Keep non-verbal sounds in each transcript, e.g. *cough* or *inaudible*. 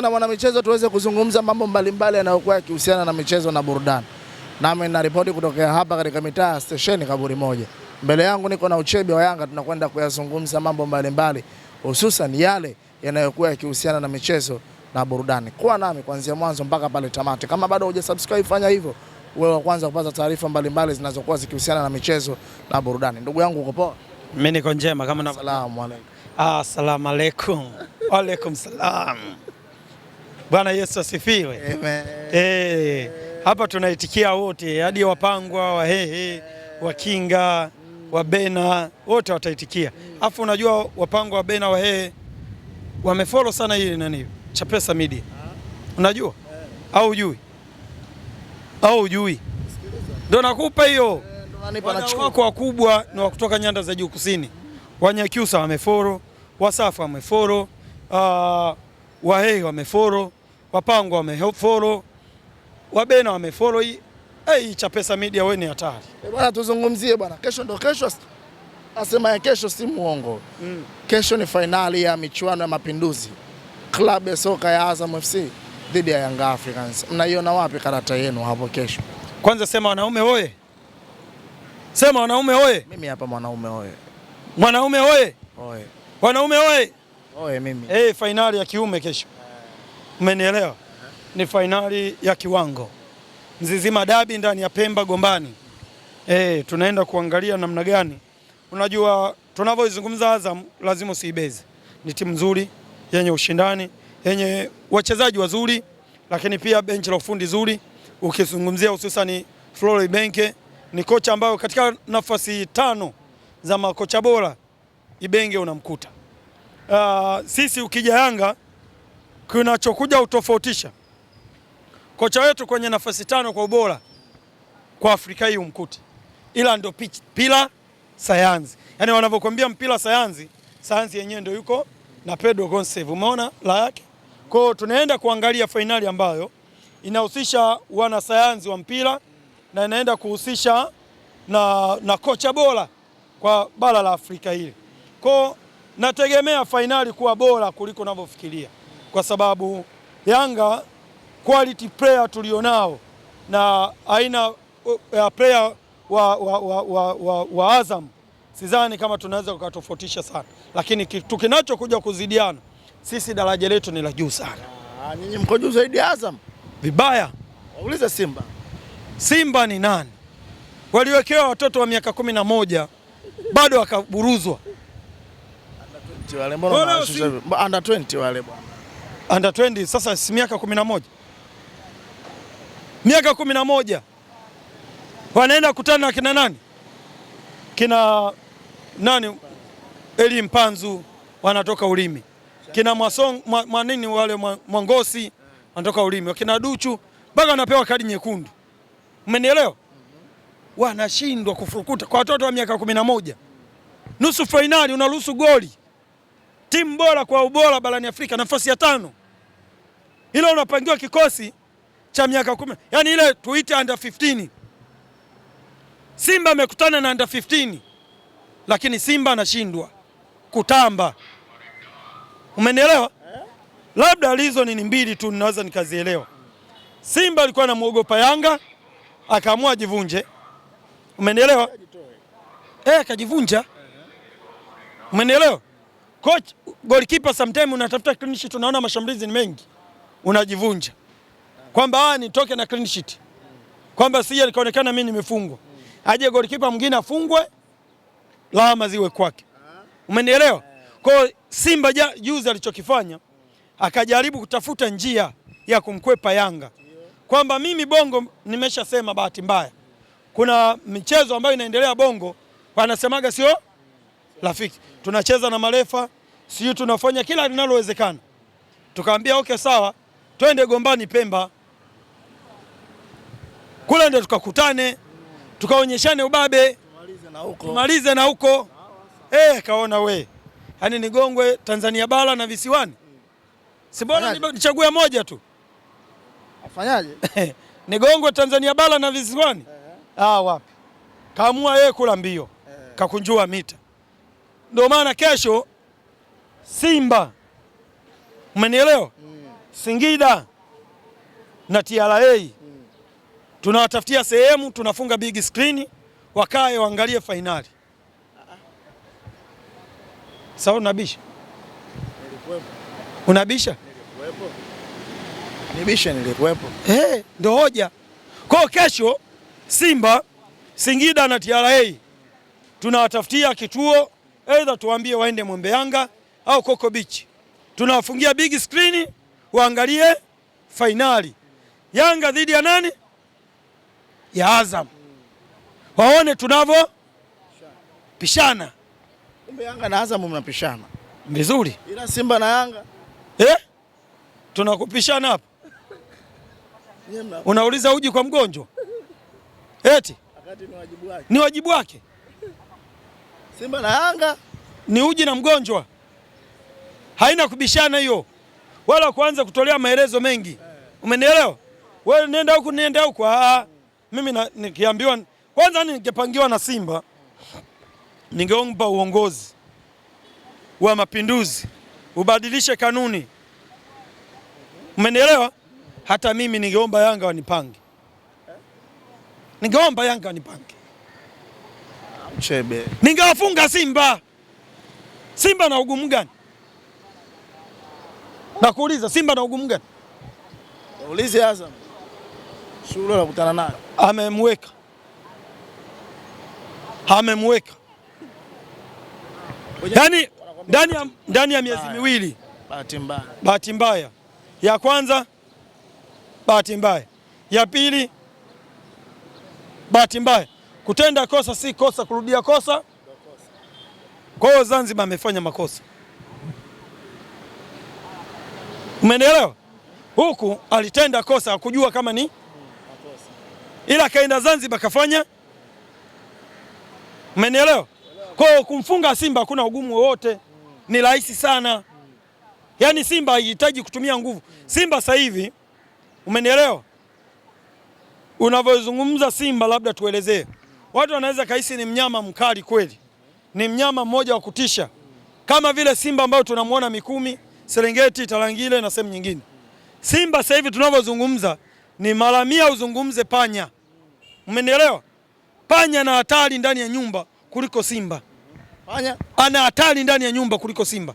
na mwanamichezo tuweze kuzungumza mambo mbalimbali yanayokuwa yakihusiana na michezo na burudani. Nami naripoti kutokea hapa katika mitaa ya stesheni Kaburi Moja. Mbele yangu niko na Uchebi wa Yanga, tunakwenda kuyazungumza mambo mbalimbali, hususan yale yanayokuwa yakihusiana na michezo na burudani. Kuwa nami kuanzia mwanzo mpaka pale tamati. Kama bado hujasubscribe, fanya hivyo wewe wa kwanza kupata taarifa mbalimbali zinazokuwa zikihusiana na michezo na burudani. Ndugu yangu, uko poa? Mimi niko njema. Kama na salamu alaykum. Ah, salamu alaykum. Wa alaykum salam. Bwana Yesu asifiwe. Amen. Eh, hapa tunaitikia wote hadi Wapangwa, Wahehe, Wakinga, Wabena wote wataitikia. Afu unajua Wapangwa, Wabena, Wahehe wamefollow sana hii nani Chapesa Media. Unajua eh. au ujui au ujui? Ndio nakupa hiyo. Eh, Wako wakubwa ni wa kutoka nyanda za juu kusini, Wanyakyusa wameforo, Wasafu wameforo uh, ah, Wahehe wameforo, Wapangwa wameforo, Wabena wameforo. Hii hey, Chapesa Media wewe ni hatari eh, bwana. Tuzungumzie bwana, kesho ndo kesho, asema ya kesho si muongo mm. Kesho ni fainali ya michuano ya Mapinduzi, klabu ya soka ya Azam FC dhidi ya Young Africans. Mnaiona wapi karata yenu hapo kesho? Kwanza sema wanaume hoye, sema wanaume hoye. Mimi hapa mwanaume hoye, mwanaume hoye, hoye, wanaume hoye Oe, mimi. Hey, eh, fainali ya kiume kesho, eh. umenielewa? Uh-huh. Ni fainali ya kiwango Mzizima dabi ndani ya Pemba Gombani. Hey, eh, tunaenda kuangalia namna gani, unajua tunavyozungumza Azam lazima usiibeze. Ni timu nzuri yenye ushindani yenye wachezaji wazuri, lakini pia benchi la ufundi zuri, ukizungumzia hususani Flori Benke ni kocha ambayo katika nafasi tano za makocha bora Ibenge unamkuta uh, sisi ukija Yanga kinachokuja utofautisha kocha wetu kwenye nafasi tano kwa ubora kwa Afrika hii umkuti, ila ndo pila sayansi, yani wanavyokuambia mpira sayansi, sayansi yenyewe ndio yuko na Pedro Gonsev, umeona la yake. Kwa hiyo tunaenda kuangalia fainali ambayo inahusisha wanasayansi wa mpira na inaenda kuhusisha na, na kocha bora kwa bara la Afrika hili. Kwa nategemea fainali kuwa bora kuliko unavyofikiria kwa sababu Yanga quality player tulionao na aina ya eh, eh, player wa, wa, wa, wa, wa, wa Azam sidhani kama tunaweza kukatofautisha sana, lakini kitu kinachokuja kuzidiana, sisi daraja letu ni la juu sana. Ah, nyinyi mko juu zaidi Azam vibaya. Waulize Simba, Simba ni nani? Waliwekewa watoto wa miaka kumi na moja bado wakaburuzwa. 20 wale mbona wanashusha under 20 wale bwana. Under 20 sasa si miaka 11. Miaka 11. Wanaenda kukutana na kina nani? Kina nani? Eli Mpanzu wanatoka ulimi. Kina Mwasong mwanini wale Mwangosi wanatoka ulimi. Kina Duchu mpaka wanapewa kadi nyekundu. Umenielewa? Wanashindwa kufurukuta kwa watoto wa miaka 11. Nusu fainali unaruhusu goli timu bora kwa ubora barani Afrika, nafasi ya tano. Ile unapangiwa kikosi cha miaka kumi, yaani ile tuite under 15. Simba amekutana na under 15, lakini Simba anashindwa kutamba. Umenielewa? Labda reason ni mbili tu ninaweza nikazielewa. Simba alikuwa anamwogopa Yanga akaamua ajivunje, umenielewa? Eh, akajivunja, umenielewa? Coach goalkeeper sometimes unatafuta clean sheet, unaona mashambulizi ni mengi, unajivunja kwamba ah, nitoke na clean sheet, kwamba sije nikaonekana mimi nimefungwa, aje goalkeeper mwingine afungwe, lawama ziwe kwake. Umenielewa? Kwa Simba juzi alichokifanya akajaribu kutafuta njia ya kumkwepa Yanga, kwamba mimi Bongo nimeshasema, bahati mbaya kuna michezo ambayo inaendelea Bongo wanasemaga sio rafiki, tunacheza na marefa sijui tunafanya kila linalowezekana. Tukaambia okay, sawa, twende Gombani Pemba, kule ndio tukakutane, tukaonyeshane ubabe, tumalize na huko eh. Kaona we, yaani nigongwe Tanzania bara na visiwani, si bora nichague moja tu, afanyaje? *laughs* nigongwe Tanzania bara na visiwani eh. ah, wapi? Kaamua yeye kula mbio, eh. kakunjua mita, ndio maana kesho Simba, umenielewa? mm. Singida na TRA mm. tunawatafutia sehemu, tunafunga big screen, wakae waangalie fainali. Sawa, unabisha unabisha, nibisha, nilikuwepo. Eh, ndio hoja. Kwa kesho Simba, Singida na TRA tunawatafutia kituo, aidha tuwaambie waende Mwembe Yanga au Coco Beach. Tunawafungia big screen waangalie fainali Yanga dhidi ya nani? Ya Azam, waone tunavyo pishana. Kumbe Yanga na Azam mnapishana vizuri, ila Simba na Yanga eh, tunakupishana hapa unauliza uji kwa mgonjwa eti ni wajibu wake. Simba na Yanga ni uji na mgonjwa haina kubishana hiyo, wala kuanza kutolea maelezo mengi. Umenielewa? Wewe nenda huku nenda huku. Ah, ah. mimi nikiambiwa kwanza, ningepangiwa na Simba ningeomba uongozi wa mapinduzi ubadilishe kanuni, umenielewa? Hata mimi ningeomba Yanga wanipange, ningeomba Yanga wanipange, ningewafunga Simba. Simba na ugumu gani? Nakuuliza Simba na ugumu gani? Ulize Azam. Shule anakutana naye. Amemweka. Amemweka. Yaani ndani ya ndani ya miezi miwili. Bahati mbaya. Bahati mbaya. Ya kwanza bahati mbaya. Ya pili bahati mbaya. Kutenda kosa si kosa, kurudia kosa. Kwa hiyo Zanzibar amefanya makosa. Umeelewa? Huku alitenda kosa akujua kama ni ila kaenda Zanzibar kafanya. Umenielewa? Kwa hiyo kumfunga Simba hakuna ugumu wowote, ni rahisi sana. Yaani Simba haihitaji kutumia nguvu. Simba sasa hivi, umenielewa? Unavyozungumza Simba, labda tuelezee, watu wanaweza kahisi ni mnyama mkali. Kweli ni mnyama mmoja wa kutisha, kama vile Simba ambayo tunamwona Mikumi, Serengeti, Tarangire na sehemu nyingine. Simba sasa hivi tunavyozungumza ni mara mia uzungumze panya, umenielewa? Panya ana hatari ndani ya nyumba kuliko simba. Panya ana hatari ndani ya nyumba kuliko simba.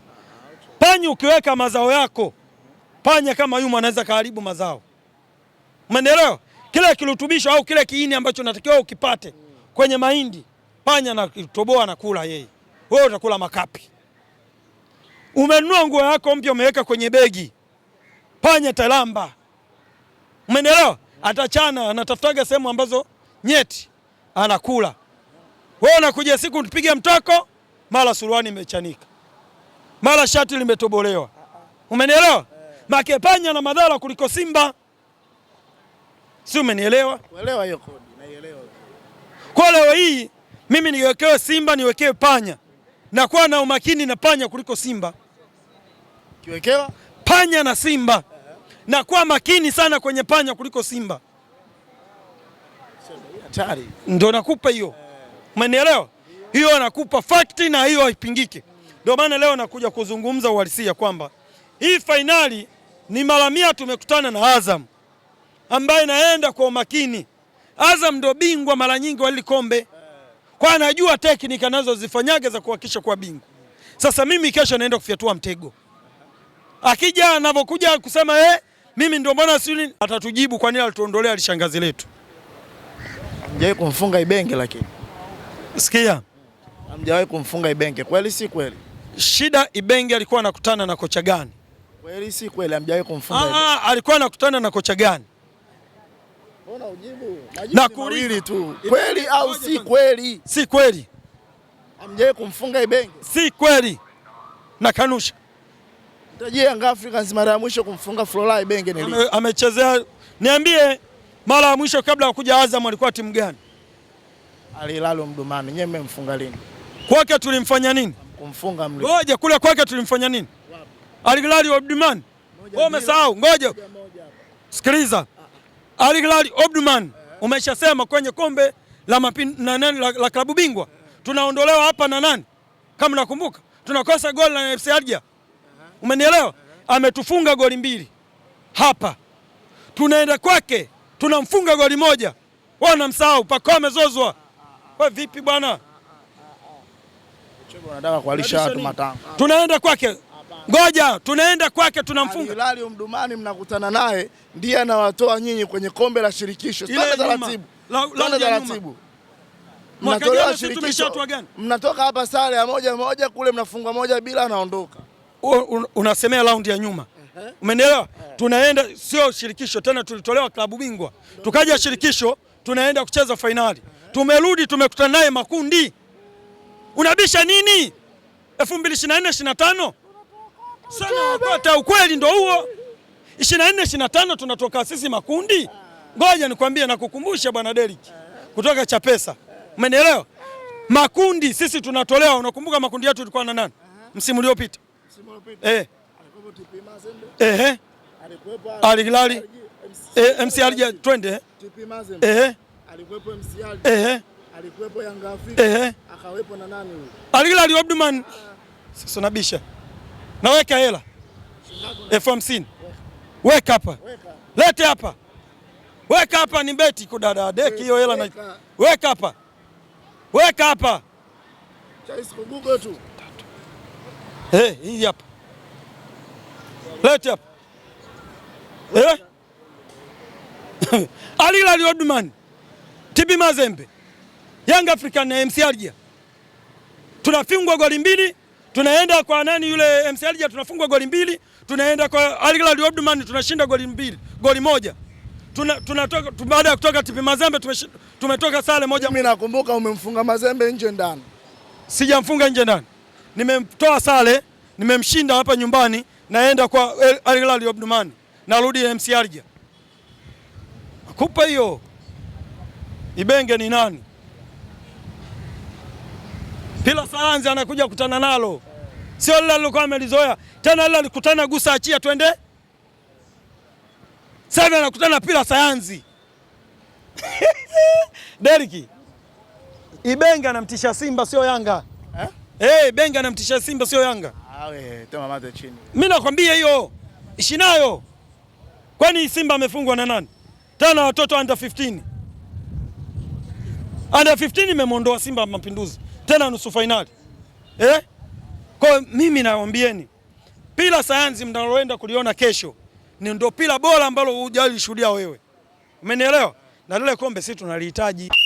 Panya ukiweka mazao yako, panya kama yumo anaweza kaharibu mazao, umenielewa? Kile kirutubisho au kile kiini ambacho natakiwa ukipate kwenye mahindi, panya anatoboa, anakula yeye, wewe utakula makapi. Umenunua nguo yako mpya umeweka kwenye begi, panya talamba, umenielewa? Atachana, anatafutaga sehemu ambazo nyeti, anakula. Wewe unakuja siku tupige mtako, mara suruani imechanika, mara shati limetobolewa, umenielewa? Eh. Make panya na madhara kuliko simba, si umenielewa? Uelewa hiyo kodi, naielewa. Kwa leo hii mimi niwekewe simba niwekewe panya, nakuwa na umakini na panya kuliko simba kiwekewa panya na simba uh -huh. na kuwa makini sana kwenye panya kuliko simba hatari. Ndo nakupa hiyo umenielewa? Hiyo nakupa fakti na hiyo haipingiki. Ndio maana leo nakuja kuzungumza uhalisia kwamba hii fainali ni mara mia tumekutana na Azam ambaye naenda kwa umakini. Azam ndo bingwa mara nyingi wa hili kombe, kwa anajua teknika anazozifanyaga za kuhakikisha kuwa bingwa. Sasa mimi kesho naenda kufyatua mtego. Akija anavyokuja kusema eh, mimi ndio mbona sijui atatujibu kwa nini alituondolea lishangazi letu. Hamjawahi kumfunga Ibenge lakini. Sikia. Hamjawahi kumfunga Ibenge kweli si kweli? Shida Ibenge alikuwa anakutana na kocha gani? Kweli si kweli hamjawahi kumfunga ah, Ibenge. Ah, alikuwa anakutana na kocha gani? Mbona ujibu? Na kulili tu. Kweli au si kweli? Si kweli. Hamjawahi kumfunga Ibenge. Si kweli. Nakanusha. Tutarajia Young Africans mara ya mwisho kumfunga Florent Ibenge ni lini? Amechezea. Niambie mara ya mwisho kabla ya kuja Azam alikuwa timu gani? Al Hilal Mdumani. Nyewe mmemfunga lini? Kwake tulimfanya nini? Kumfunga mli. Ngoja kule kwake tulimfanya nini? Al Hilal Omdurman. Wewe umesahau. Ngoja. Sikiliza. Al Hilal Omdurman umeshasema kwenye kombe la mapin, na nani la, la klabu bingwa tunaondolewa hapa na nani, kama nakumbuka, tunakosa goli na FC Alger. Umenielewa? Ametufunga goli mbili hapa, tunaenda kwake tunamfunga goli moja, wanamsahau Pacome amezozwa. We vipi bwana, tunaenda kwake ngoja tunaenda kwake tunamfunga. Hilali Umdumani mnakutana naye ndiye anawatoa nyinyi kwenye kombe la shirikisho. Sasa taratibu. Sana taratibu. Mnatolewa shirikisho. Mnatoka hapa sare ya moja moja, kule mnafungwa moja bila, anaondoka unasemea raundi ya nyuma uh Umenielewa? Eh. Tunaenda sio shirikisho tena, tulitolewa klabu bingwa tukaja shirikisho, tunaenda kucheza fainali uh-huh. Tumerudi tumekutana naye makundi, unabisha nini? 2024 25 sana wakota, ukweli ndio huo. 24 25 tunatoka sisi makundi. Ah. Ngoja nikwambie na kukumbusha bwana Derrick ah. kutoka Chapesa, ah. umenielewa? Makundi sisi tunatolewa. Unakumbuka makundi yetu ilikuwa na nani uh-huh. msimu uliopita? eh, eh, eh, eh MC Alija twende eh, alikuwepo MC eh, alikuwepo Yanga Afrika eh, eh, eh. akawepo na nani huyo Ali Abdulman. Sasa nabisha naweka hela elfu hamsini weka hapa, lete hapa, weka hapa, ni beti ko dada deki hiyo hela na weka hapa, weka hapa Google tu Eh, hii hapa. Leti hapa. Eh? *coughs* Alila Liodman. Tibi Mazembe. Young African na MC Alger. Tunafungwa goli mbili, tunaenda kwa nani yule MC Alger tunafungwa goli mbili, tunaenda kwa Alila Liodman tunashinda goli mbili, goli moja. Tuna, tunatoka baada ya kutoka Tipi Mazembe tumetoka sare moja. Mimi nakumbuka umemfunga Mazembe nje ndani. Sijamfunga nje ndani nimemtoa sare, nimemshinda hapa nyumbani, naenda kwa Al Hilal Omdurman, narudi MC Alger. kupa hiyo. Ibenge ni nani? Pila Saanzi anakuja kutana nalo, sio lile alikuwa amelizoea tena. Lile alikutana gusa, achia twende, sasa anakutana Pila Sayanzi *laughs* Deriki Ibenge anamtisha Simba, sio Yanga hey, Benga anamtisha Simba sio Yanga. Mimi nakwambia hiyo ishinayo. Kwani Simba amefungwa na nani tena? Watoto under 15 under 15 imemwondoa Simba Mapinduzi tena nusu fainali eh? Kwa mimi nawambieni pila sayansi mnaloenda kuliona kesho ni ndio pila bora ambalo hujalishuhudia wewe, umenielewa? Na lile kombe sisi tunalihitaji.